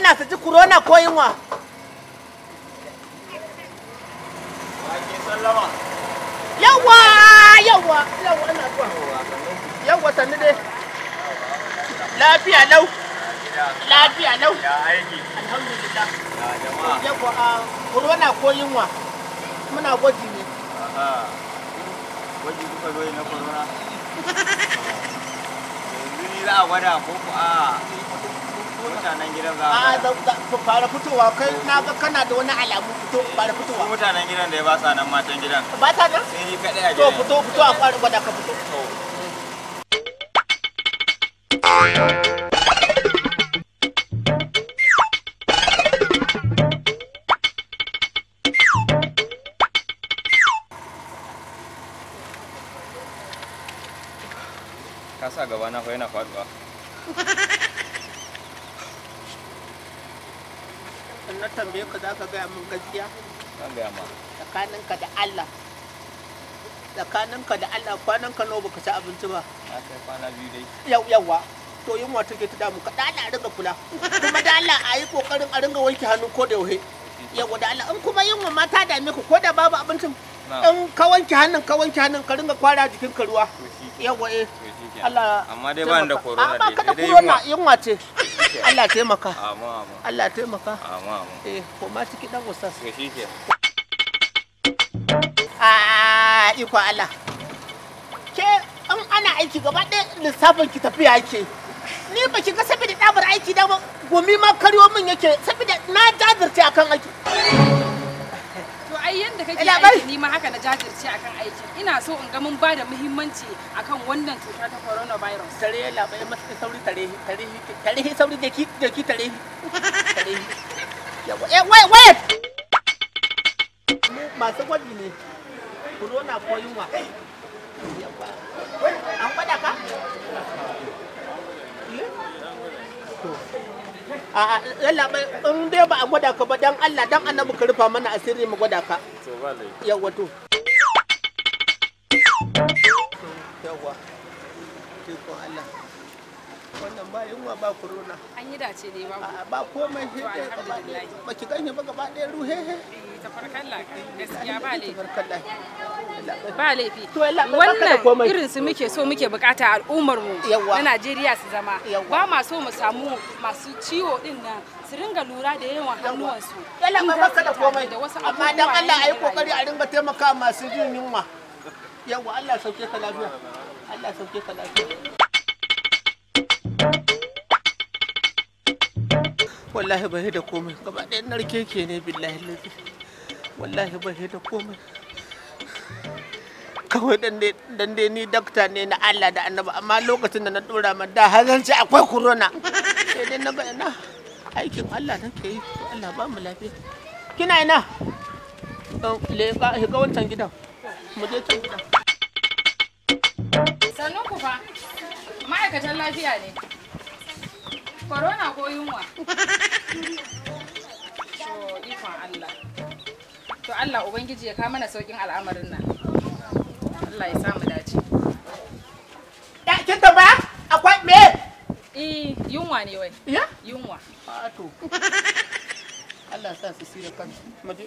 magana su ji corona ko yunwa yawa yawa yawa ana zuwa yawa sannu dai lafiya lau lafiya lau alhamdulillah yawa a corona ko yunwa muna gwaji ne gwaji kuka zo na corona yanzu ni za a gwada ko ku a mutanen gidan za a fara fitowa kai na ga kana da wani alamu fito fara fitowa mutanen gidan da ya ba sa nan matan gidan ba ta nan sai ni kadai a gidan to fito fito a fara gwada ka fito ka sa gaba na fa yana faduwa na tambaye ka za ka gaya min gaskiya kan gaya ma tsakaninka da Allah tsakaninka da Allah kwanan ka nawa baka ci abinci ba na kai kwana biyu dai yau to take ta damu ka dala a ringa kula kuma da Allah a yi kokarin a ringa wanke hannu ko da yaushe yawa da Allah in kuma yin wa mata dame ku ko da babu abincin in ka wanke hannun ka wanke hannun ka ringa kwara jikin ka ruwa yawa eh Allah amma dai ba da corona dai amma kada corona yunwa ce Allah taimaka amma amma Allah taimaka amma amma eh ko ma ciki dan ustaz to shike a ah, iko Allah ke in ana aiki gaba ɗaya lissafin ki tafiya yake ni ba ki ga sabida ɗabar aiki da gumi ma karyo min yake sabida na jajirce akan aiki ai yanda kake aiki ni ma haka na jajirce akan aiki ina so in ga mun bada muhimmanci akan wannan cuta ta coronavirus tare ya labai masa sauri tare tare tare sauri da ki da ki tare tare wai eh, wai masu gwaji ne corona ko yunwa an gwada ka eh? a in dai ba a gwada ka ba dan Allah dan annabi ka rufa mana asiri mu gwada ka to to Allah wannan ba ba corona an yi dace ne ba ba komai shi ba ki ganye ba gaba ɗaya ruhe eh, gaskiya ba ba laifi wannan irin su muke so muke bukata al'ummar mu na Najeriya su zama ba ma so mu samu masu ciwo din nan su ringa lura da yawan hannuwansu yalla ba baka da komai amma dan Allah ayi kokari a ringa taimaka masu jin yunwa yawa Allah sauke ka lafiya Allah sauke ka lafiya wallahi bai da komai gaba ɗayan narkeke ne billahi lafi wallahi bai da komai kawai dan dai ni dakta ne na Allah da annaba amma lokacin da na dora ma da hazanci akwai corona sai dai na bayyana aikin Allah dan kai Allah ba mu lafiya kina ina leka shiga wancan gidan mu je can gidan sanu ku fa ma'aikatan lafiya ne corona ko yunwa to ifa Allah to Allah ubangiji ya ka mana saukin al'amarin nan Allah ya samu mu dace da kin akwai me eh yunwa ne wai ya yunwa a Allah ya sa su kan maje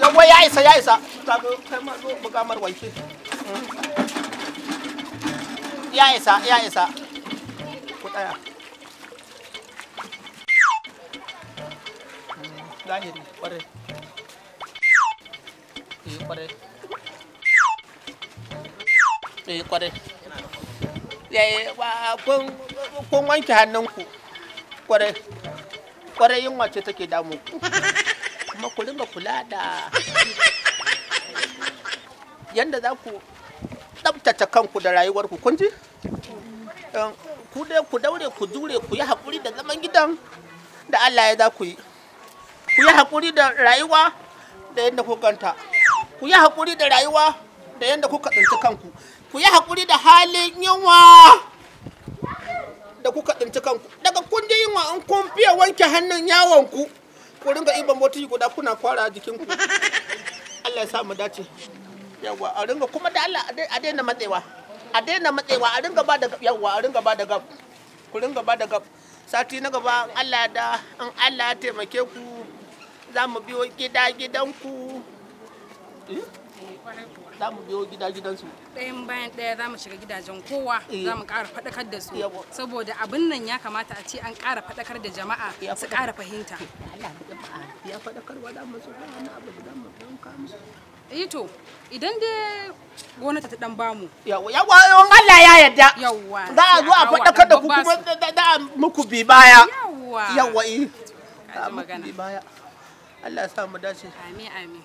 yawa ya isa ya isa mm. ya isa ya isa ku mm, eh eh kun wanke hannunku kwarai kwarai yunwa ce take damu kuma ku ringa kula da yadda za ku tsabtace kanku da rayuwarku kun ji ku dai ku daure ku dure ku yi haƙuri da zaman gidan da Allah ya za ku yi ku yi haƙuri da rayuwa da yadda ku ganta ku yi haƙuri da rayuwa da yadda kuka tsinci kanku ku yi haƙuri da halin yunwa da kuka tsinci kanku daga kun ji yunwa an kun fiye wanke hannun yawon ku ku ringa iban botiki guda kuna kwara jikin ku Allah ya sa mu dace yawa a ringa kuma da Allah a daina matsewa a daina matsewa a ringa ba da yawa a ringa ba da gab ku ringa ba da gab sati na gaba an Allah da an Allah ya taimake ku za mu biyo gida gidanku eh za mu biyo gida gidansu ɗayan bayan ɗaya za mu shiga gidajen kowa eh. za mu ƙara faɗakar da su saboda abin nan ya kamata a ce an ƙara faɗakar da jama'a su ƙara fahimta ya faɗakarwa da musu ba wani abu da mu ɗauka musu ito eh idan dai gwamnati ta dan bamu yawa yawa Allah ya yarda yawa za a zo a faɗakar da ku kuma da a muku bi baya yawa yawa eh magana bi baya Allah ya sa mu dace amin amin